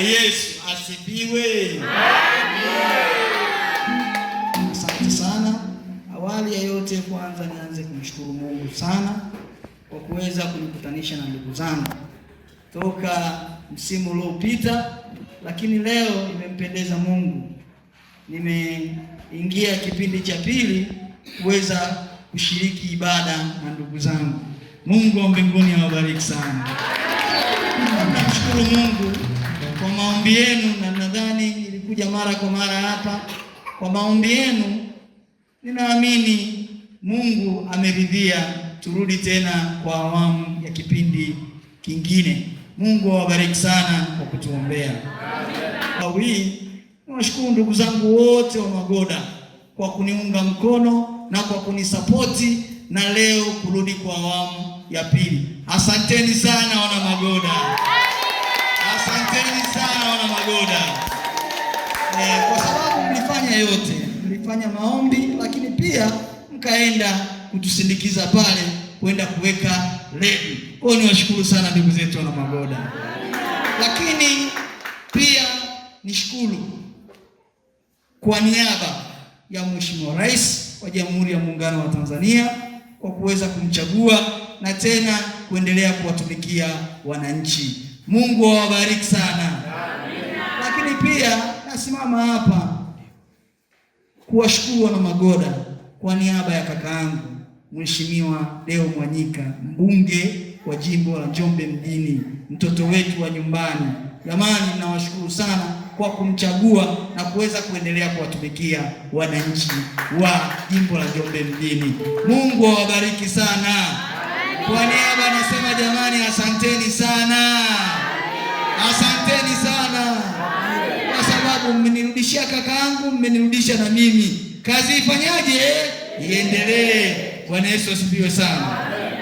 Yesu asifiwe. Amen. Asante sana. Awali ya yote, kwanza nianze kumshukuru Mungu sana kwa kuweza kunikutanisha na ndugu zangu toka msimu uliopita, lakini leo imempendeza Mungu, nimeingia kipindi cha pili kuweza kushiriki ibada na ndugu zangu. Mungu wa mbinguni awabariki sana. Tunamshukuru Mungu maombi yenu, na nadhani ilikuja mara kwa mara hapa, kwa maombi yenu ninaamini Mungu ameridhia turudi tena kwa awamu ya kipindi kingine. Mungu awabariki sana kwa kutuombea. Hii niwashukuru ndugu zangu wote wa Magoda kwa kuniunga mkono na kwa kunisapoti na leo kurudi kwa awamu ya pili. Asanteni sana. eh, kwa sababu mlifanya yote, mlifanya maombi, lakini pia mkaenda kutusindikiza pale kwenda kuweka ledi. Kwa hiyo niwashukuru sana ndugu zetu wana Magoda, lakini pia nishukuru kwa niaba ya Mheshimiwa Rais wa Jamhuri ya Muungano wa Tanzania kwa kuweza kumchagua na tena kuendelea kuwatumikia wananchi. Mungu awabariki sana. Amina. Lakini pia nasimama hapa kuwashukuru wana Magoda kwa niaba ya kaka yangu Mheshimiwa Deo Mwanyika, mbunge wa jimbo la Njombe mjini, mtoto wetu wa nyumbani. Jamani, nawashukuru sana kwa kumchagua na kuweza kuendelea kuwatumikia wananchi wa jimbo la Njombe mjini. Mungu awabariki sana. Kwa niaba nasema jamani, asanteni sana, asanteni sana yangu, mmenirudishia kaka yangu, mmenirudisha na mimi, kazi ifanyaje? Iendelee. Bwana Yesu asifiwe sana.